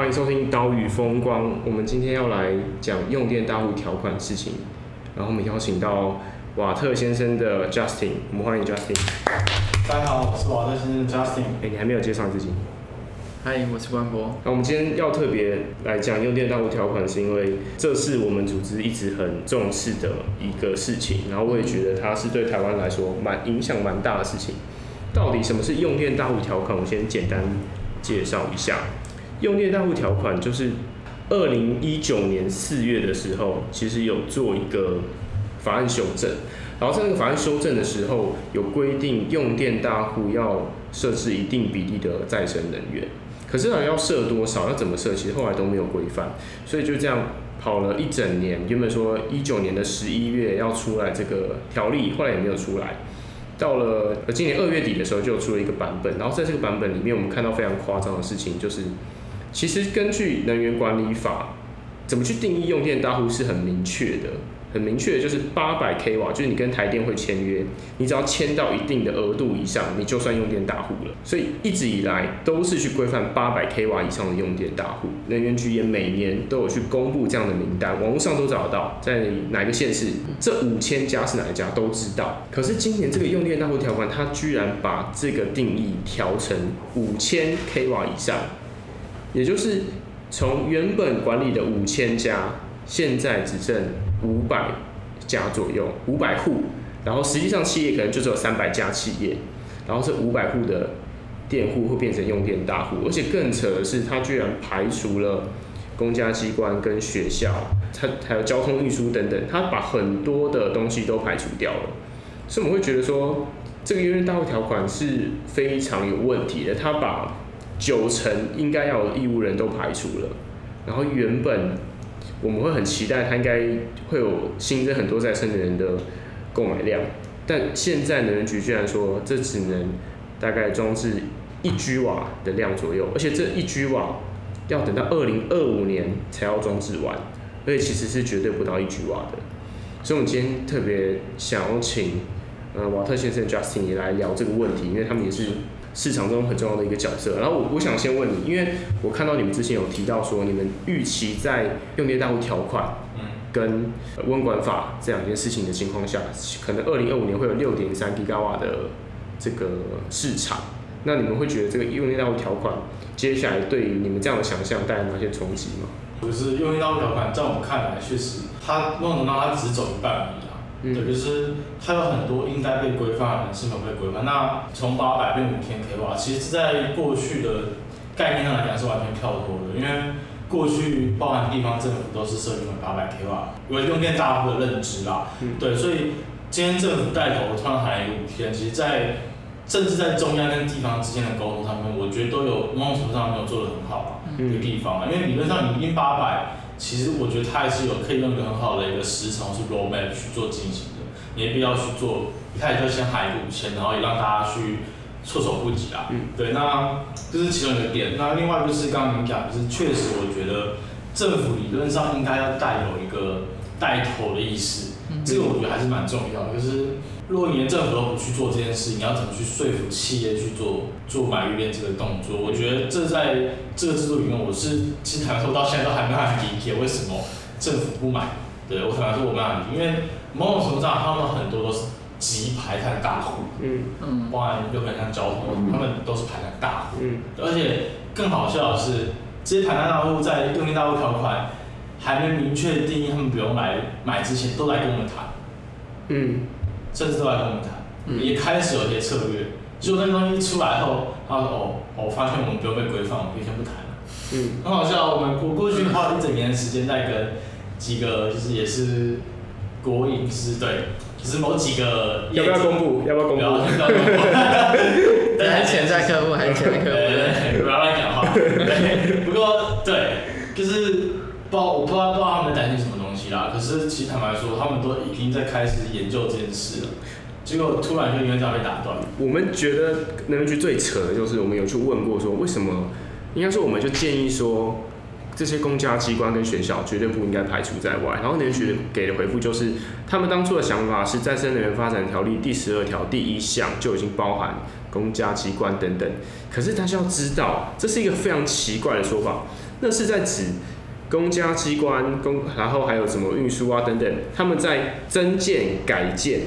歡迎收聽《島嶼風光》。我們今天要來講用電大戶條款事情，然後我們邀請到瓦特先生的 Justin，我們歡迎 Justin。大家好，我是瓦特先生的 Justin。哎，你還沒有介紹自己？嗨，Hi, 我是關博。那我們今天要特別來講用電大戶條款，是因為這是我們組織一直很重視的一個事情，然後我也覺得它是對台灣來說蠻影響蠻大的事情。到底什麼是用電大戶條款？我先簡單介紹一下。用電大戶條款就是二零一九年四月的時候，其實有做一個法案修正，然後在這個法案修正的時候，有規定用電大戶要設置一定比例的再生能源。可是啊，要設多少，要怎麼設，其實後來都沒有規範，所以就這樣跑了一整年。原本說一九年的十一月要出來這個條例，後來也沒有出來。到了今年二月底的時候，就出了一個版本。然後在這個版本裡面，我們看到非常誇張的事情，就是。其實根據能源管理法，怎麼去定義用電大戶是很明確的，很明確的就是八百 k 瓦，就是你跟台電會簽約，你只要簽到一定的額度以上，你就算用電大戶了。所以一直以來都是去規範八百 k 瓦以上的用電大戶，能源局也每年都有去公布這樣的名單，網絡上都找得到，在哪一個縣市，這五千家是哪一家都知道。可是今年這個用電大戶條款，它居然把這個定義調成五千 k 瓦以上。也就是從原本管理的五千家，現在只剩五百家左右，五百戶，然後實際上企業可能就只有三百家企業，然後這五百戶的電戶會變成用電大戶，而且更扯的是，它居然排除了公家機關跟學校，它還有交通運輸等等，它把很多的東西都排除掉了，所以我們會覺得說，這個用電大戶條款是非常有問題的，它把。九成應該要有義務人都排除了，然後原本我們會很期待，他應該會有新增很多再生能源的購買量，但現在能源局居然說，這只能大概裝置一 G 瓦的量左右，而且這一 G 瓦要等到二零二五年才要裝置完，而且其實是絕對不到一 G 瓦的，所以我們今天特別想要請呃瓦特先生 Justin 也來聊這個問題，因為他們也是。市場中很重要的一個角色。然後我我想先問你，因為我看到你們之前有提到說，你們預期在用電大戶條款，嗯，跟溫管法這兩件事情的情況下，可能二零二五年會有六點三 GW 的這個市場。那你們會覺得這個用電大戶條款接下來對於你們這樣的想象帶來哪些衝擊嗎？就是用電大戶條款，在我們看來確實它，它忘了程度只走一半。嗯、對，就是它有很多應該被規範，是沒有被規範。那從八百變五千 k 瓦，其實，在過去的概念上來講是完全跳脫的，因為過去包含地方政府都是設定為八百 k 瓦，因為用電大戶的認知啦。嗯。對，所以今天政府帶頭穿台五千，其實在，在甚至在中央跟地方之間的溝通上面，我覺得都有某種程度上沒有做得很好的一個地方、嗯、因為理論上你一定八百。其實我覺得他還是有可以用一個很好的一個時長是 roadmap 去做進行的，沒必要去做一開始就先喊一個五千，然後也讓大家去措手不及啊。嗯、對，那這、就是其中一個點。那另外就是剛剛您講，就是確實我覺得政府理論上應該要帶有一個帶頭的意識，嗯、這個我覺得還是蠻重要的，就是。如果你連政府都不去做這件事情，你要怎麼去說服企業去做做買綠電這個動作？我覺得這在這個制度裡面，我是其實坦白說到現在都還沒辦法理解為什麼政府不買。對，我坦白說，我蠻難理解，因為某種程度上，他們很多都是急排碳大戶，嗯嗯，包含又像交通，他們都是排碳大戶，嗯。而且更好笑的是，這些排碳大戶在用電大戶條款還沒明確定義他們不用買買之前，都來跟我們談，嗯。甚至都來跟我們談，也開始有些策略，嗯、結果那個東西出來後，他、啊、說、哦：“哦，我發現我們不要被規範，我先不談了。”嗯，很好笑，我們過過去花了一整年的時間在跟幾個，就是也是國營支隊，就是某幾個要不要公布？要不要公布？不要哈哈哈哈！還是潛在客戶還是潛在客戶？對，不要亂講話。 對，不過對，就是不知道，我不知道不知道他們擔心什麼。可是，其實坦白說，他們都已經在開始研究這件事了，結果突然就因為這樣被打斷了。我們覺得能源局最扯的就是，我們有去問過說，為什麼？應該說，我們就建議說，這些公家機關跟學校絕對不應該排除在外。然後能源局給的回覆就是，他們當初的想法是《再生能源發展條例》第十二條第一項就已經包含公家機關等等。可是大家要知道，這是一個非常奇怪的說法，那是在指。公家機關、公，然後還有什麼運輸啊等等，他們在增建、改建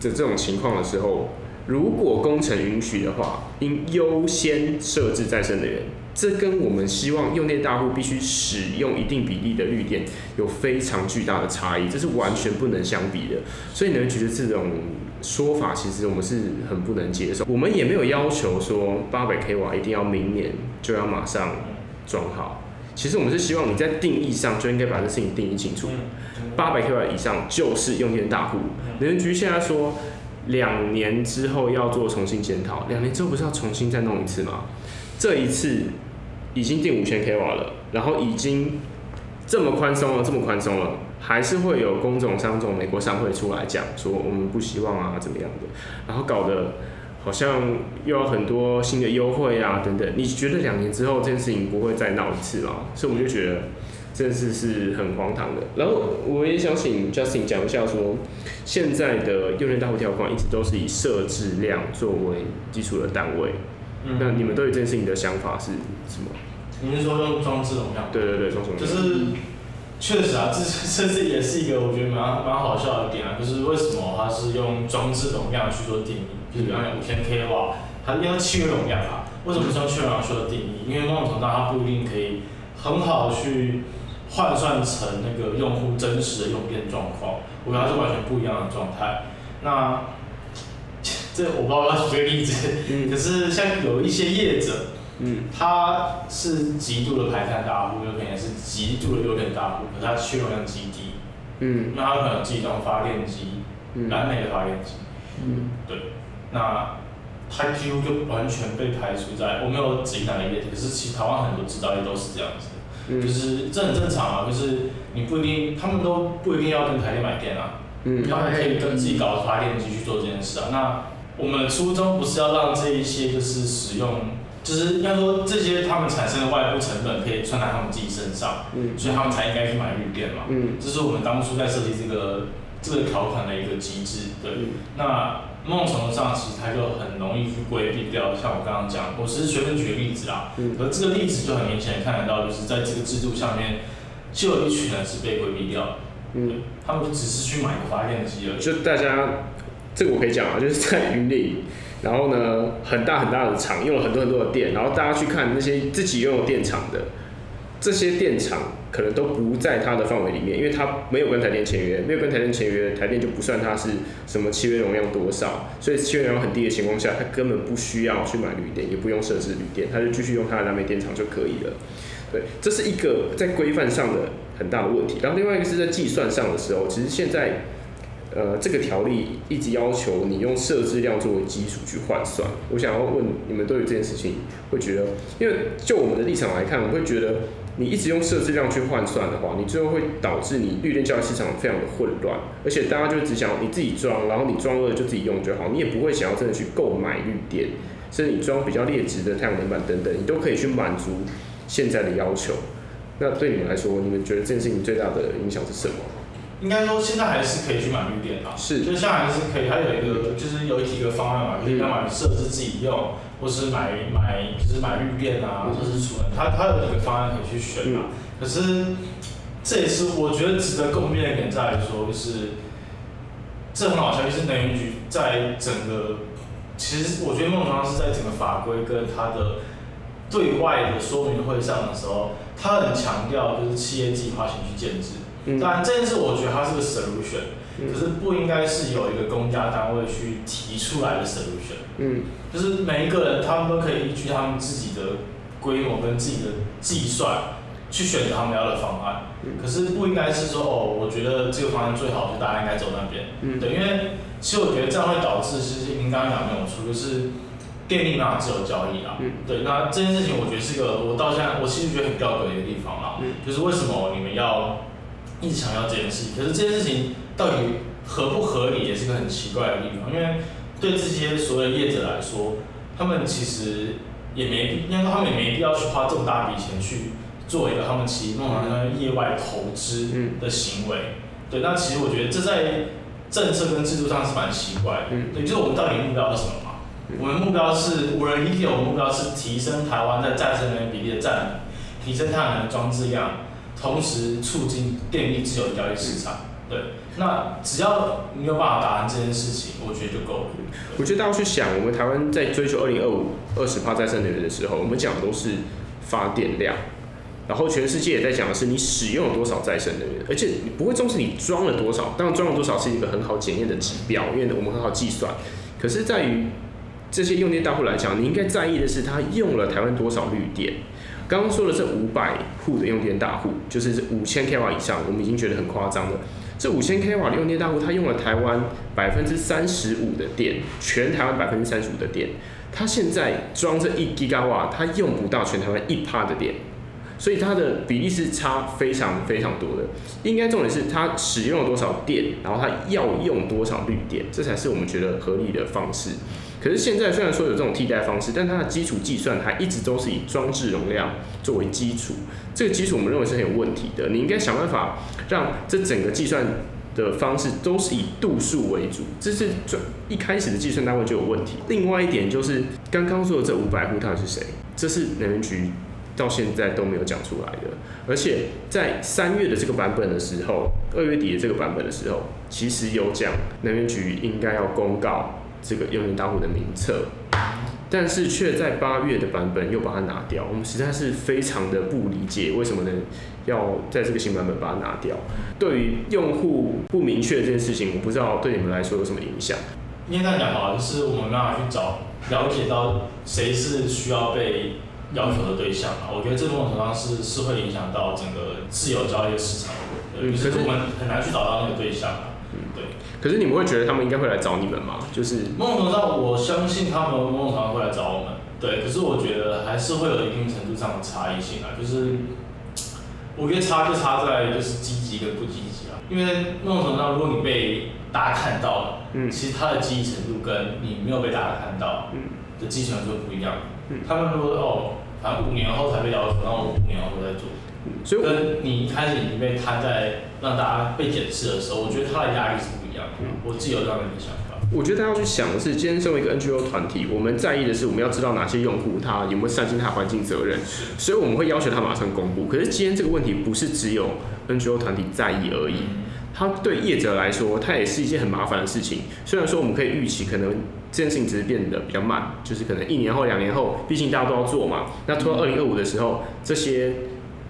的這種情況的時候，如果工程允許的話，應優先設置再生能源。這跟我們希望用電大戶必須使用一定比例的綠電有非常巨大的差異，這是完全不能相比的。所以，你們覺得這種說法其實我們是很不能接受。我們也沒有要求說八百 k 瓦一定要明年就要馬上裝好。其實我們是希望你在定義上就應該把這事情定義清楚，八百 k 瓦以上就是用電大戶。能源局現在說兩年之後要做重新檢討，兩年之後不是要重新再弄一次嗎？這一次已經定五千 k 瓦了，然後已經這麼寬鬆了，這麼寬鬆了，還是會有工總商總美國商會出來講說我們不希望啊怎麼樣的，然後搞得。好像又有很多新的優惠啊，等等。你覺得兩年之後這件事情不會再鬧一次了，所以我就覺得，這件事是很荒唐的。然後我也想請 Justin 講一下，說現在的用電大戶條款一直都是以設置量作為基礎的單位。嗯嗯。那你們對這件事情的想法是什麼？你是說用裝置容量？對對對，裝置容量。就是確實啊，這這這也是一個我覺得蠻蠻好笑的點啊。就是為什麼它是用裝置容量去做定義？比如講五千 k 瓦，它因為契約容量啊，為什麼說契約容量需要定義？ 因為某種程度它不一定可以很好去換算成那個用戶真實的用電狀況，我覺得它是完全不一樣的狀態。那這我不知道我要舉個例子，嗯、可是像有一些業者，嗯，他是極度的排碳大戶，有可能是極度的用電大戶，可他契約容量極低，嗯，那他可能自動發電機，燃煤、嗯、的發電機，嗯，對。嗯對那它幾乎就完全被排除在，我沒有指名哪個業者，可是其實台灣很多製造業都是這樣子，嗯、就是這很正常啊，就是你不一定，他們都不一定要跟台電買電啊，他們、嗯、可以跟自己搞發電機去做這件事啊。嗯、那我們初衷不是要讓這一些就是使用，就是要說這些他們產生的外部成本可以算在他們自己身上，嗯、所以他們才應該去買綠電嘛，嗯、這是我們當初在設計這個這個條款的一個機制，對，嗯、那。某種程度上，其實它就很容易去規避掉。像我剛剛講，我只是隨便舉個例子啦。嗯。而這個例子就很明顯看得到，就是在這個制度下面，就有一群人是被規避掉。嗯。他們只是去買個發電機而已。就大家，這個我可以講啊，就是在雲林，然後呢，很大很大的廠用了很多很多的電，然後大家去看那些自己擁有電廠的。這些電廠可能都不在它的範圍裡面，因為它沒有跟台電簽約，沒有跟台電簽約，台電就不算它是什麼契約容量多少，所以契約容量很低的情況下，它根本不需要去買綠電，也不用設置綠電，它就繼續用它的燃煤電廠就可以了。對，這是一個在規範上的很大的問題。然後另外一個是在計算上的時候，其實現在呃這個條例一直要求你用設置量作為基礎去換算。我想要問你們對於這件事情會覺得，因為就我們的立場來看，我會覺得。你一直用設置量去換算的話，你最後會導致你綠電交易市場非常的混亂，而且大家就只想你自己裝，然後你裝了就自己用就好，你也不會想要真的去購買綠電，甚至你裝比較劣質的太陽能板等等，你都可以去滿足現在的要求。那對你們來說，你們覺得這件事情最大的影響是什麼？應該說現在還是可以去買綠電啊，是，就是現在還是可以，還有一個就是有幾個方案嘛，可以幹嘛，設置自己用，嗯、或是買買就是買綠電啊，或者、嗯、是儲能，它它有幾個方案可以去選嘛。嗯、可是這也是我覺得值得共辯的點再來說，在說就是這種好消息、就是能源局在整個，其實我覺得孟方是在整個法規跟他的對外的說明會上的時候，他很強調就是企業計劃性去建制。當然，這件事我覺得它是個 solution，可是不應該是有一個公家單位去提出來的 solution。嗯，就是每一個人他們都可以依據他們自己的規模跟自己的計算去選擇他們要的方案。可是不應該是說哦，我覺得這個方案最好，就是大家應該走那邊。嗯、對，因為其實我覺得這樣會導致其實，就是您剛剛講那種說就是電力市場自由交易啦。嗯、對，那這件事情我覺得是一個我到現在我其實覺得很吊詭的一個地方啦。嗯、就是為什麼你們要？一直強調這件事情，可是這件事情到底合不合理也是個很奇怪的地方，因為對這些所有業者來說，他們其實也沒，因為他們也沒必要去花這麼大筆錢去做一個他們其實那種叫業外投資的行為。嗯、對，那其實我覺得這在政策跟制度上是蠻奇怪的。嗯、對，就是我們到底目標是什麼嘛？嗯、我們目標是，無人理解，我們一定有目標是提升台灣在再生能源比例的佔比，提升太陽能裝置量。同時促進電力自由交易市場。嗯、對，那只要你有辦法達成這件事情，我覺得就夠了。我覺得大家去想，我們台灣在追求二零二五二十趴再生能源的時候，我們講的都是發電量，然後全世界也在講的是你使用了多少再生能源，而且不會重視你裝了多少。當然，裝了多少是一個很好檢驗的指標，因為我們很好計算。可是，在於這些用電大戶來講，你應該在意的是他用了台灣多少綠電。剛剛說的這五百戶的用電大戶，就是五千 k 瓦以上，我們已經覺得很誇張了。這五千 k 瓦的用電大戶，它用了台灣百分之三十五的電，全台灣百分之三十五的電，他現在裝這一吉瓦，他用不到全台灣一趴的電，所以它的比例是差非常非常多的。應該重點是它使用了多少電，然後它要用多少綠電，這才是我們覺得合理的方式。可是現在雖然說有這種替代方式，但它的基礎計算還一直都是以裝置容量作為基礎，這個基礎我們認為是很有問題的。你應該想辦法讓這整個計算的方式都是以度數為主，這是最一開始的計算單位就有問題。另外一點就是剛剛說的這五百戶他是誰？這是能源局到現在都沒有講出來的。而且在三月的這個版本的時候，二月底的這個版本的時候，其實有講能源局應該要公告這個用電大戶的名冊，但是卻在八月的版本又把它拿掉，我們實在是非常的不理解，為什麼呢？要在這個新版本把它拿掉？對於用戶不明確這件事情，我不知道對你們來說有什麼影響。應該這樣講吧，就是我們很難去找了解到誰是需要被要求的對象嘛。我覺得這某種程度上是是會影響到整個自由交易的市場的，就是我們很難去找到那個對象。對，可是你們會覺得他們應該會來找你們嗎？就是夢場上，我相信他們夢場上會來找我們。對，可是我覺得還是會有一定程度上的差異性啊。就是，我覺得差就差在就是積極跟不積極啊。因為夢場上，如果你被大家看到了，嗯，其實他的積極程度跟你沒有被大家看到，嗯，的積極程度就不一樣。嗯，嗯他們如果哦。反正五年後才被要求，然後五年後再做。所以我覺得你一開始已經被攤在讓大家被檢視的時候，我覺得他的壓力是不一樣的。嗯、我自己有這樣的想法。我覺得他要去想的是，今天身為一個 NGO 團體，我們在意的是我們要知道哪些用戶他有沒有善盡他的環境責任。是所以我們會要求他馬上公布。可是今天這個問題不是只有 NGO 團體在意而已，嗯、他對業者來說，他也是一件很麻煩的事情。雖然說我們可以預期可能。這件事情只是變得比較慢，就是可能一年後、兩年後，畢竟大家都要做嘛。那拖到二零二五的時候，這些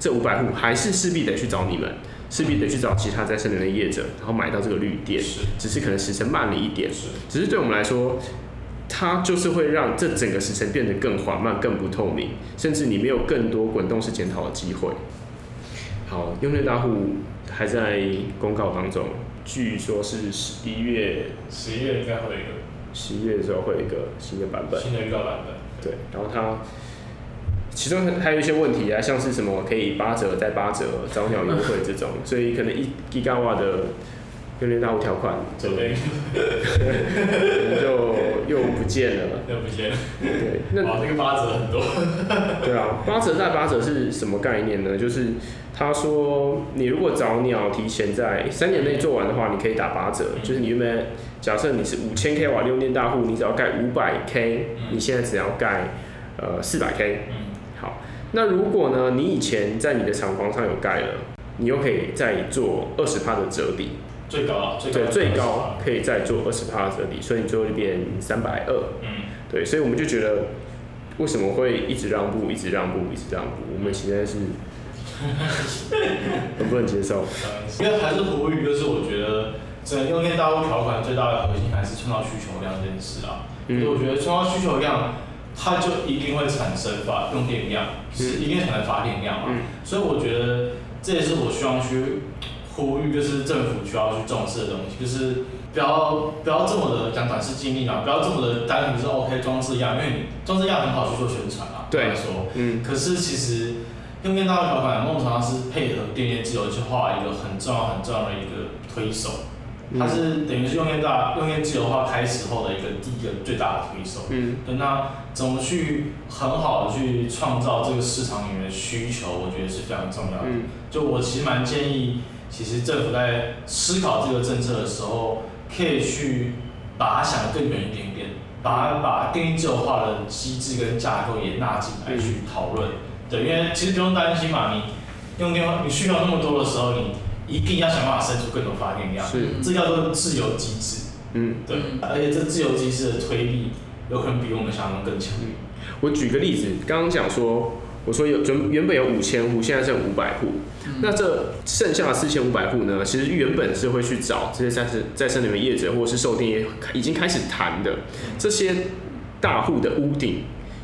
這五百戶還是勢必得去找你們，勢必得去找其他再生能源的業者，然後買到這個綠電。是，只是可能時程慢了一點。是，只是對我們來說，它就是會讓這整個時程變得更緩慢、更不透明，甚至你沒有更多滾動式檢討的機會。好，用電大戶還在公告當中，據說是十一月，十一月最後一個。十一月的時候會有一個新的版本，新的預告版本。對，然後它其中還有一些問題啊，像是什麼可以八折再八折早鳥優惠這種，所以可能一 GW 的用電大戶條款，就。 又不見了，又不見了。對，那 哇， 這個八折很多。 對啊，八折再八折是什麼概念呢？就是他說，你如果早鳥提前在三年內做完的話，你可以打八折。就是你有沒有假設你是五千 k 瓦用電大戶，你只要蓋五百 k，你現在只要蓋呃四百 k。好，那如果呢，你以前在你的廠房上有蓋了，你又可以再做二十趴的折抵。最高、啊，最高啊、對，最高可以再做二十趴折抵，所以你最後就變三百二。嗯，對，所以我們就覺得，為什麼會一直讓步，一直讓步，一直讓步？嗯、我們現在是，很不能接受。 因為還是服務於就是我覺得整個用電大戶條款最大的核心還是創造需求量這件事啊。嗯、所以我覺得創造需求量，它就一定會產生發電量，嗯、是一定產生發電量嘛？嗯、所以我覺得這也是我希望去。呼籲就是政府需要去重視的東西，就是不要不要這麼的講短視經濟嘛、啊，不要這麼的單純是 OK 裝置樣，因為裝置樣很好去做宣傳嘛、啊。對，說，嗯，可是其實用電大戶條款通常是配合電業自由去畫一個很重要很重要的一個推手，嗯、它是等於是用電大用電自由化開始後的一個第一個最大的推手。嗯，那怎麼去很好的去創造這個市場裡面的需求，我覺得是非常重要的。嗯、就我其實蠻建議，其實政府在思考這個政策的時候，可以去把它想得更遠一點點，把把電力自由化的機制跟架構也納進來去討論。嗯、對，因為其實不用擔心嘛，你用電話你需要那麼多的時候，你一定要想辦法生出更多發電量。是這叫做自由機制。嗯，對。而且這自由機制的推力，有可能比我們想像中更強、嗯、我舉個例子，剛剛講說。我說有原本有五千戶，現在剩五百戶，那這剩下的四千五百戶呢？其實原本是會去找這些再生裡面業者，或者是售電業已經開始談的這些大戶的屋頂，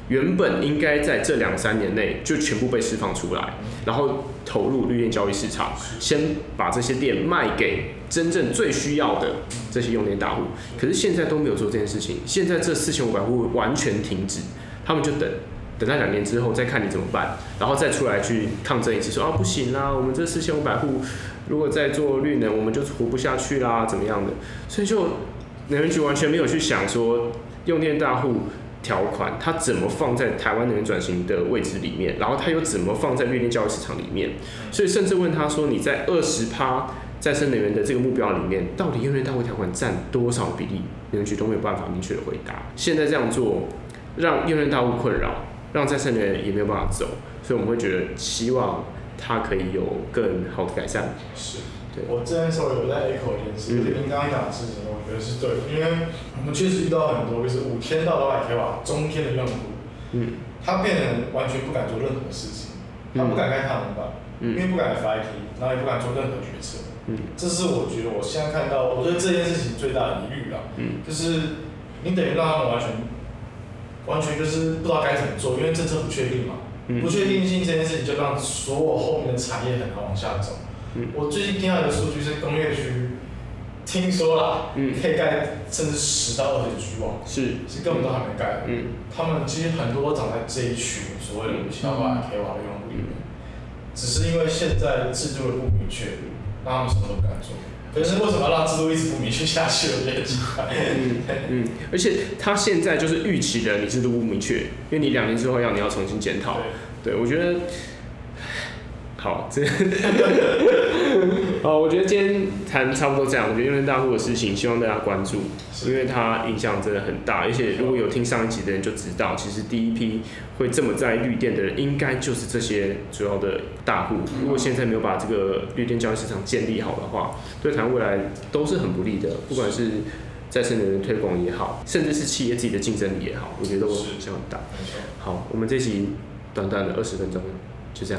原本應該在這兩三年內就全部被釋放出來，然後投入綠電交易市場，先把這些電賣給真正最需要的這些用電大戶。可是現在都沒有做這件事情，現在這四千五百戶完全停止，他們就等。等他兩年之後再看你怎麼辦，然後再出來去抗爭一次，說啊不行啦，我們這四千五百戶如果再做綠能，我們就活不下去啦，怎麼樣的。所以就能源局完全沒有去想說用電大戶條款它怎麼放在台灣能源轉型的位置裡面，然後它又怎麼放在綠電交易市場裡面。所以甚至問他說你在二十趴再生能源的這個目標裡面，到底用電大戶條款佔多少比例？能源局都沒有辦法明確的回答。現在這樣做讓用電大戶困擾，讓在場的人也沒有辦法走，所以我們會覺得希望他可以有更好的改善。是，對。我之前說有在 echo 這件事、e，你剛剛講的事情，我覺得是對，因為我們確實遇到很多，就是五千到到八百 K 瓦中間的用戶，嗯，他變得完全不敢做任何事情，他不敢開他們吧，嗯，因為不敢發 FIT，然後也不敢做任何決策，嗯，這是我覺得我現在看到，我對這件事情最大的疑慮啦，嗯，就是你等於讓他們完全。完全就是不知道該怎麼做，因為政策不確定嘛。嗯、不確定性這件事情，就讓所有後面的產業很難往下走。嗯、我最近聽到一個數據是，工業區聽說啦，嗯、可以蓋甚至十到二十 GW，是，是根本都還沒蓋的。嗯、他們其實很多都長在這一群、嗯、所謂的、嗯、可以玩的用戶裡面，嗯、只是因為現在的制度的不明確，讓他們什麼都不敢做。可是為什麼讓制度一直不明確下去了、嗯？這個嗯嗯，而且他現在就是預期的，你制度不明確，因為你兩年之後要你要重新檢討，對，對，我覺得。好，這哦， 我覺得今天談差不多這樣。我覺得用電大戶的事情，希望大家關注，因為它影響真的很大。而且如果有聽上一集的人就知道，其實第一批會這麼在意綠電的人，應該就是這些主要的大戶。如果現在沒有把這個綠電交易市場建立好的話，對台灣未來都是很不利的，不管是再生能源推廣也好，甚至是企業自己的競爭力也好，我覺得都影響很大。好，我們這一集短短的二十分鐘，就這樣。